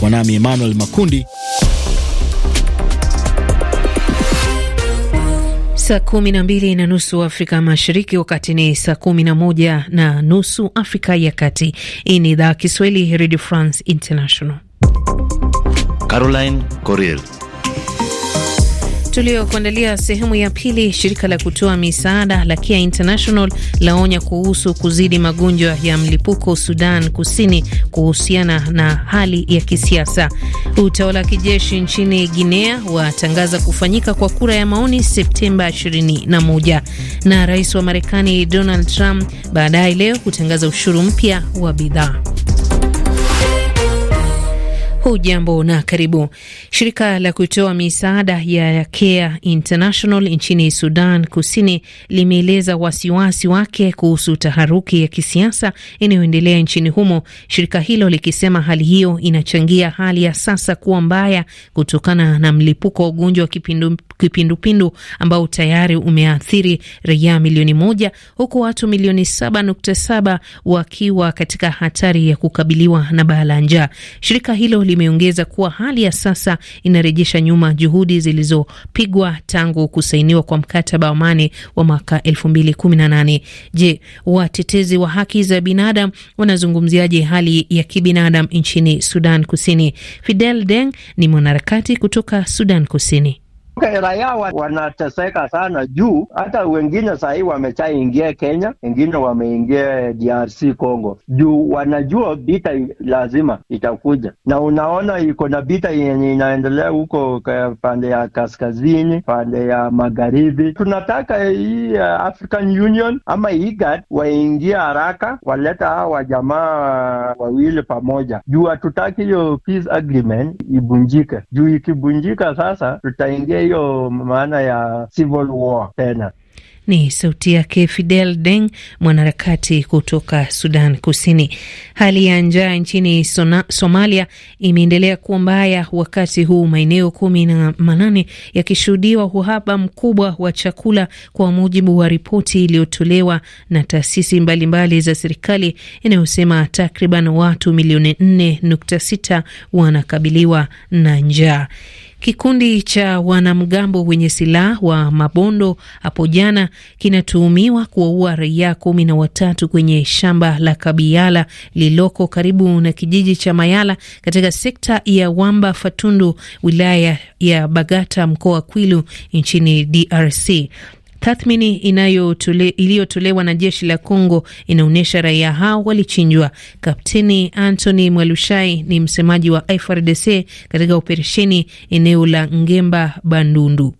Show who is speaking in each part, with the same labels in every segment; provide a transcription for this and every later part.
Speaker 1: Kwa nami Emmanuel Makundi.
Speaker 2: Saa kumi na mbili na nusu Afrika Mashariki, wakati ni saa kumi na moja na nusu Afrika ya Kati. Hii ni idhaa Kiswahili, Radio France International.
Speaker 1: Caroline Corrier
Speaker 2: tuliokuandalia sehemu ya pili. Shirika la kutoa misaada la Care International laonya kuhusu kuzidi magonjwa ya mlipuko Sudan Kusini kuhusiana na hali ya kisiasa. Utawala wa kijeshi nchini Guinea watangaza kufanyika kwa kura ya maoni Septemba 21, na rais wa Marekani Donald Trump baadaye leo kutangaza ushuru mpya wa bidhaa. Hujambo na karibu. Shirika la kutoa misaada ya Care International nchini Sudan Kusini limeeleza wasiwasi wake kuhusu taharuki ya kisiasa inayoendelea nchini humo, shirika hilo likisema hali hiyo inachangia hali ya sasa kuwa mbaya kutokana na mlipuko wa ugonjwa wa kipindupindu kipindupindu ambao tayari umeathiri raia milioni moja huku watu milioni 7.7 wakiwa katika hatari ya kukabiliwa na baa la njaa. Shirika hilo limeongeza kuwa hali ya sasa inarejesha nyuma juhudi zilizopigwa tangu kusainiwa kwa mkataba wa amani wa mwaka nane. Je, watetezi wa haki za binadam wanazungumziaje hali ya kibinadam nchini Sudan Kusini? Fidel Deng ni mwanaharakati kutoka Sudan Kusini.
Speaker 1: Raia wanateseka sana juu hata wengine sahii wameshaingia Kenya, wengine wameingia DRC Congo juu wanajua vita lazima itakuja, na unaona iko na vita yenye inaendelea huko pande ya kaskazini, pande ya magharibi. Tunataka hii eh, African Union ama IGAD waingie haraka, waleta hawa jamaa eh, wawili pamoja juu hatutaki hiyo peace agreement ibunjike, juu ikibunjika sasa tutaingia hiyo maana ya civil war tena.
Speaker 2: Ni sauti yake Fidel Deng, mwanaharakati kutoka Sudan Kusini. Hali ya njaa nchini Sona, Somalia imeendelea kuwa mbaya, wakati huu maeneo kumi na manane yakishuhudiwa uhaba mkubwa wa chakula, kwa mujibu wa ripoti iliyotolewa na taasisi mbalimbali za serikali inayosema takriban watu milioni 4.6 wanakabiliwa na njaa. Kikundi cha wanamgambo wenye silaha wa Mabondo hapo jana kinatuhumiwa kuwaua raia kumi na watatu kwenye shamba la Kabiala lililoko karibu na kijiji cha Mayala katika sekta ya Wamba Fatundu wilaya ya Bagata mkoa wa Kwilu nchini DRC. Tathmini iliyotolewa na jeshi la congo inaonyesha raia hao walichinjwa. Kapteni antony Mwalushai ni msemaji wa FRDC katika operesheni eneo la Ngemba Bandundu.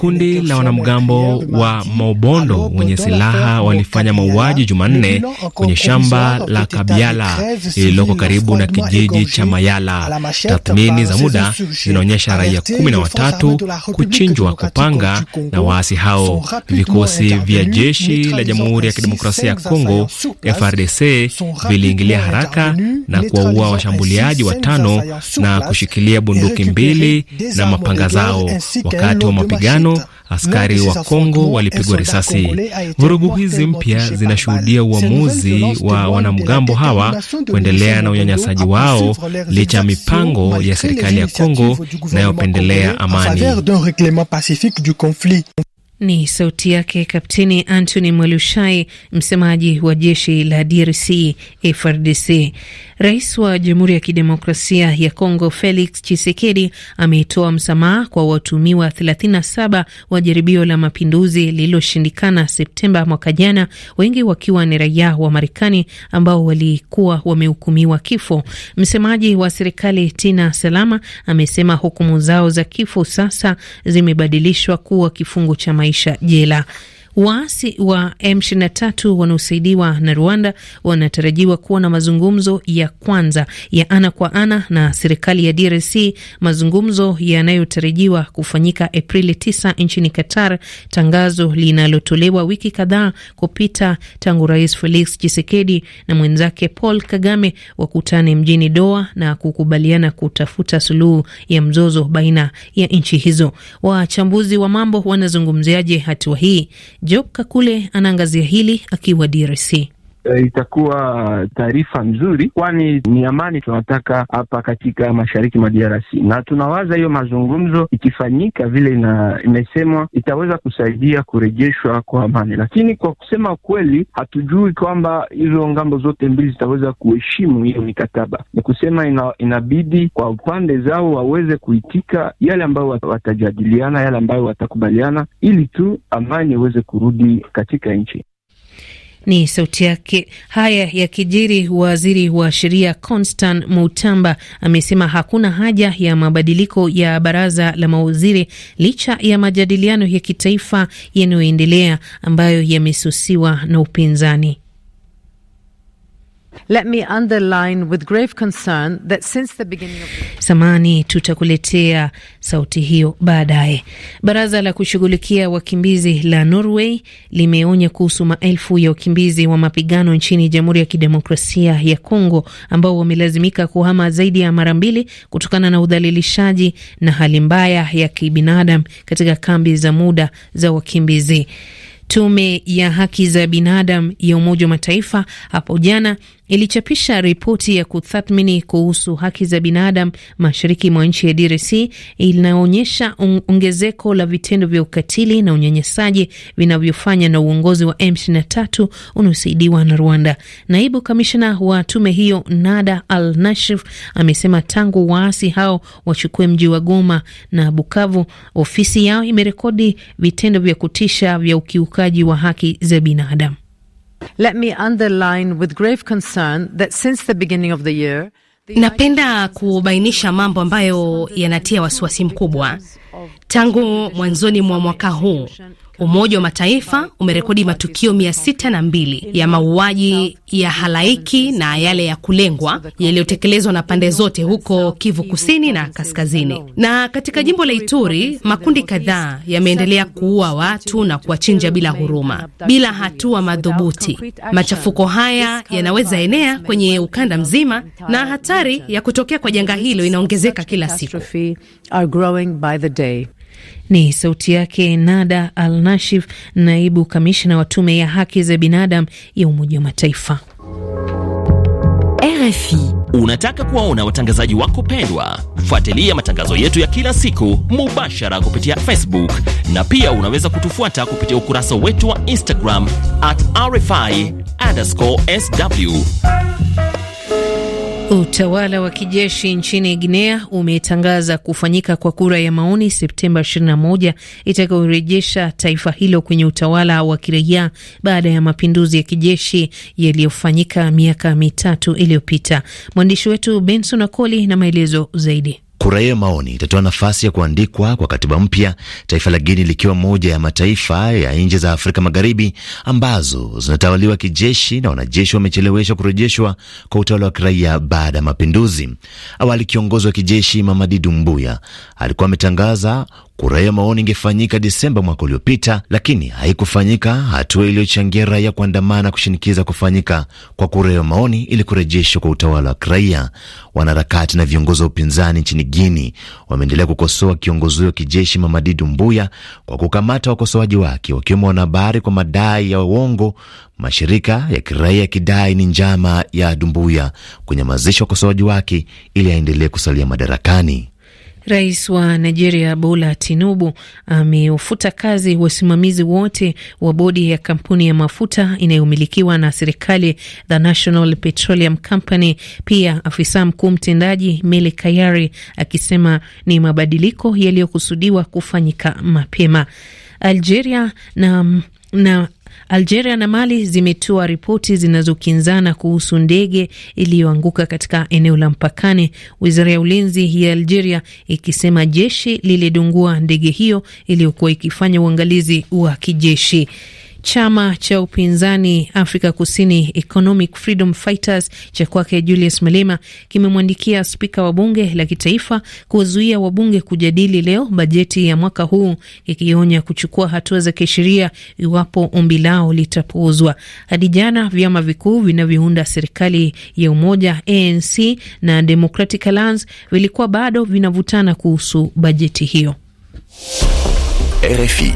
Speaker 1: Kundi la wanamgambo wa Mobondo wenye silaha walifanya mauaji Jumanne kwenye shamba la Kabiala lililoko karibu na kijiji cha Mayala. Tathmini za muda zinaonyesha raia kumi na watatu kuchinjwa kwa panga na waasi hao. Vikosi vya jeshi la Jamhuri ya Kidemokrasia ya Kongo FRDC viliingilia haraka na kuwaua washambuliaji watano na kushikilia bunduki bunduki mbili na mapanga zao. Wakati wa mapigano, askari wa Kongo walipigwa risasi. Vurugu hizi mpya zinashuhudia uamuzi wa wanamgambo hawa kuendelea na unyanyasaji wao licha ya mipango ya serikali ya Kongo inayopendelea amani.
Speaker 2: Ni sauti yake Kapteni Antony Mwelushai, msemaji wa jeshi la DRC FRDC. Rais wa Jamhuri ya Kidemokrasia ya Kongo Felix Tshisekedi ametoa msamaha kwa watumiwa 37 wa jaribio la mapinduzi lililoshindikana Septemba mwaka jana, wengi wakiwa ni raia wa Marekani ambao walikuwa wamehukumiwa kifo. Msemaji wa serikali Tina Salama amesema hukumu zao za kifo sasa zimebadilishwa kuwa kifungo cha maisha maisha jela. Waasi wa M23 wanaosaidiwa na Rwanda wanatarajiwa kuwa na mazungumzo ya kwanza ya ana kwa ana na serikali ya DRC, mazungumzo yanayotarajiwa kufanyika Aprili 9 nchini Qatar, tangazo linalotolewa wiki kadhaa kupita tangu Rais Felix Tshisekedi na mwenzake Paul Kagame wakutane mjini Doha na kukubaliana kutafuta suluhu ya mzozo baina ya nchi hizo. Wachambuzi wa mambo wanazungumziaje hatua hii? Job Kakule anaangazia hili akiwa DRC
Speaker 1: uh, itakuwa taarifa nzuri, kwani ni amani tunataka hapa katika mashariki mwa DRC, na tunawaza hiyo mazungumzo ikifanyika vile ina, imesemwa itaweza kusaidia kurejeshwa kwa amani, lakini kwa kusema kweli hatujui kwamba hizo ngambo zote mbili zitaweza kuheshimu hiyo mikataba. Ni kusema ina, inabidi kwa upande zao waweze kuitika yale ambayo watajadiliana, yale ambayo watakubaliana, ili tu amani iweze kurudi katika nchi.
Speaker 2: Ni sauti yake. Haya yakijiri, waziri wa sheria Constant Mutamba amesema hakuna haja ya mabadiliko ya baraza la mawaziri licha ya majadiliano ya kitaifa yanayoendelea ambayo yamesusiwa na upinzani. Let me underline with grave concern that since the beginning of... Samani, tutakuletea sauti hiyo baadaye. Baraza la kushughulikia wakimbizi la Norway limeonya kuhusu maelfu ya wakimbizi wa mapigano nchini Jamhuri ya Kidemokrasia ya Kongo ambao wamelazimika kuhama zaidi ya mara mbili kutokana na udhalilishaji na hali mbaya ya kibinadamu katika kambi za muda za wakimbizi. Tume ya haki za binadamu ya Umoja wa Mataifa hapo jana ilichapisha ripoti ya kutathmini kuhusu haki za binadamu mashariki mwa nchi ya DRC inayoonyesha ongezeko la vitendo vya ukatili na unyanyasaji vinavyofanya na uongozi wa M23 unaosaidiwa na Rwanda. Naibu kamishna wa tume hiyo Nada Al Nashif amesema tangu waasi hao wachukue mji wa Goma na Bukavu, ofisi yao imerekodi vitendo vya kutisha vya ukiukaji wa haki za binadamu. Let me underline with grave concern
Speaker 1: that since the beginning of the year, napenda kubainisha mambo ambayo yanatia wasiwasi mkubwa Tangu mwanzoni mwa mwaka huu Umoja wa Mataifa umerekodi matukio mia sita na mbili ya mauaji ya halaiki na yale ya kulengwa yaliyotekelezwa na pande zote huko Kivu Kusini na Kaskazini. Na katika jimbo la Ituri, makundi kadhaa yameendelea kuua watu na kuwachinja bila huruma, bila hatua madhubuti. Machafuko haya yanaweza enea kwenye ukanda mzima na hatari ya kutokea kwa janga hilo inaongezeka kila siku.
Speaker 2: USA. Ni sauti yake Nada Al-Nashif, naibu kamishna wa tume ya haki za binadamu ya Umoja wa Mataifa.
Speaker 1: RFI. Unataka kuwaona watangazaji wako pendwa? Fuatilia matangazo yetu ya kila siku mubashara kupitia Facebook na pia unaweza kutufuata kupitia ukurasa wetu wa Instagram at sw.
Speaker 2: Utawala wa kijeshi nchini Guinea umetangaza kufanyika kwa kura ya maoni Septemba 21 itakayorejesha taifa hilo kwenye utawala wa kiraia baada ya mapinduzi ya kijeshi yaliyofanyika miaka mitatu iliyopita. Mwandishi wetu Benson Akoli na maelezo zaidi.
Speaker 1: Kura hiyo maoni itatoa nafasi ya kuandikwa kwa katiba mpya, taifa la Guinea likiwa moja ya mataifa ya nchi za Afrika Magharibi ambazo zinatawaliwa kijeshi na wanajeshi wamecheleweshwa kurejeshwa kwa utawala wa kiraia baada ya mapinduzi. Awali kiongozi wa kijeshi Mamadi Dumbuya alikuwa ametangaza Kura ya maoni ingefanyika Desemba mwaka uliopita, lakini haikufanyika, hatua iliyochangia raia kuandamana kushinikiza kufanyika kwa kura ya maoni ili kurejeshwa kwa utawala wa kiraia. Wanaharakati na viongozi wa upinzani nchini Guini wameendelea kukosoa kiongozi huyo wa kijeshi Mamadi dumbuya kwa kukamata wakosoaji wake wakiwemo wanahabari kwa madai ya uongo, mashirika ya kiraia yakidai ni njama ya dumbuya kunyamazisha wakosoaji wake ili aendelee kusalia madarakani.
Speaker 2: Rais wa Nigeria Bola Tinubu ameufuta kazi wasimamizi wote wa bodi ya kampuni ya mafuta inayomilikiwa na serikali The National Petroleum Company, pia afisa mkuu mtendaji meli Kayari, akisema ni mabadiliko yaliyokusudiwa kufanyika mapema. Algeria na na Algeria na Mali zimetoa ripoti zinazokinzana kuhusu ndege iliyoanguka katika eneo la mpakani, wizara ya ulinzi ya Algeria ikisema jeshi lilidungua ndege hiyo iliyokuwa ikifanya uangalizi wa kijeshi. Chama cha upinzani Afrika Kusini Economic Freedom Fighters cha kwake Julius Malema kimemwandikia spika wa bunge la kitaifa kuwazuia wabunge kujadili leo bajeti ya mwaka huu, ikionya kuchukua hatua za kisheria iwapo ombi lao litapuuzwa. Hadi jana vyama vikuu vinavyounda serikali ya umoja ANC na Democratic Alliance vilikuwa bado vinavutana kuhusu bajeti hiyo. RFI.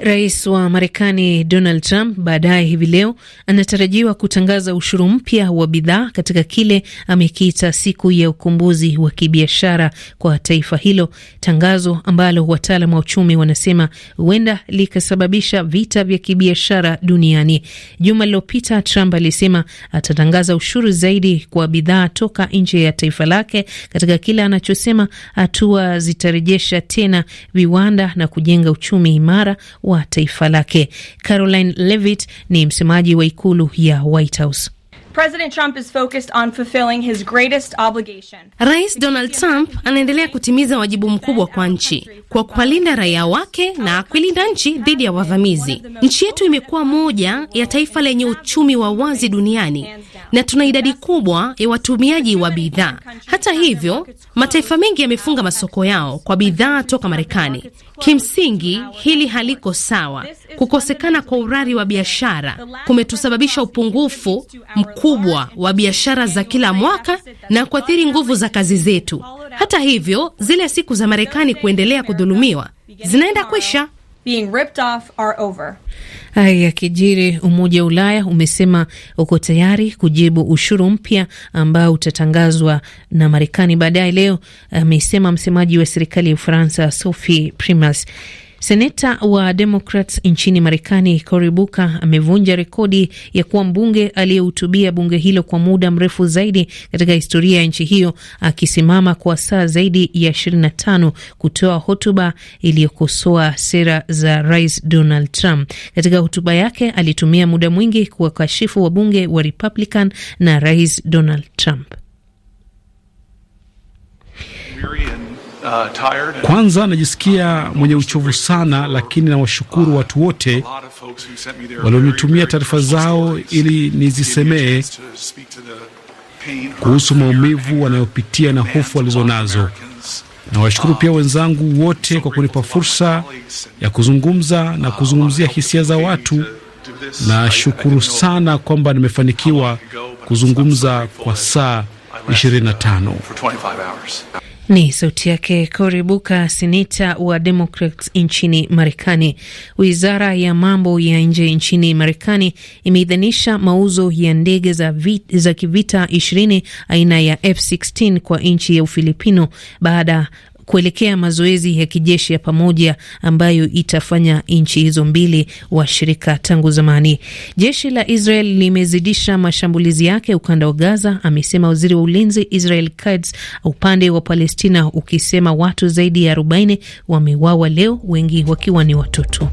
Speaker 2: Rais wa Marekani Donald Trump baadaye hivi leo anatarajiwa kutangaza ushuru mpya wa bidhaa katika kile amekiita siku ya ukombozi wa kibiashara kwa taifa hilo, tangazo ambalo wataalam wa uchumi wanasema huenda likasababisha vita vya kibiashara duniani. Juma lililopita, Trump alisema atatangaza ushuru zaidi kwa bidhaa toka nje ya taifa lake katika kile anachosema hatua zitarejesha tena viwanda na kujenga uchumi imara wa taifa lake. Caroline Levitt ni msemaji wa ikulu ya White House.
Speaker 1: President Trump is focused on fulfilling his greatest obligation. Rais Donald Trump anaendelea kutimiza wajibu mkubwa kwa nchi kwa kuwalinda raia wake na kuilinda nchi dhidi ya wavamizi. Nchi yetu imekuwa moja ya taifa lenye uchumi wa wazi duniani na tuna idadi kubwa ya watumiaji wa bidhaa. Hata hivyo, mataifa mengi yamefunga masoko yao kwa bidhaa toka Marekani. Kimsingi, hili haliko sawa. Kukosekana kwa urari wa biashara kumetusababisha upungufu mkubwa mkubwa wa biashara za kila mwaka na kuathiri nguvu za kazi zetu. Hata hivyo, zile siku za Marekani kuendelea kudhulumiwa zinaenda kwisha.
Speaker 2: Haya yakijiri, Umoja wa Ulaya umesema uko tayari kujibu ushuru mpya ambao utatangazwa na Marekani baadaye leo, amesema msemaji wa serikali ya Ufaransa Sophie Primas. Seneta wa Democrats nchini Marekani Cory Booker amevunja rekodi ya kuwa mbunge aliyehutubia bunge hilo kwa muda mrefu zaidi katika historia ya nchi hiyo, akisimama kwa saa zaidi ya 25 kutoa hotuba iliyokosoa sera za Rais Donald Trump. Katika hotuba yake alitumia muda mwingi kuwakashifu wabunge wa Republican na Rais Donald Trump.
Speaker 1: Uh, Kwanza najisikia mwenye uchovu sana, lakini nawashukuru uh, watu wote walionitumia taarifa zao ili nizisemee kuhusu maumivu wanayopitia na hofu walizonazo. Nawashukuru pia uh, wenzangu wote kwa kunipa fursa ya kuzungumza na kuzungumzia hisia za watu. Nashukuru sana kwamba nimefanikiwa kuzungumza kwa saa 25.
Speaker 2: Ni sauti yake Cory Booker, seneta wa Demokrat nchini Marekani. Wizara ya mambo ya nje nchini Marekani imeidhinisha mauzo ya ndege za, za kivita 20 aina ya F16 kwa nchi ya Ufilipino baada kuelekea mazoezi ya kijeshi ya pamoja ambayo itafanya nchi hizo mbili washirika tangu zamani. Jeshi la Israel limezidisha mashambulizi yake ukanda wa Gaza, amesema waziri wa ulinzi Israel Katz, upande wa Palestina ukisema watu zaidi ya 40 wameuawa leo, wengi
Speaker 1: wakiwa ni watoto.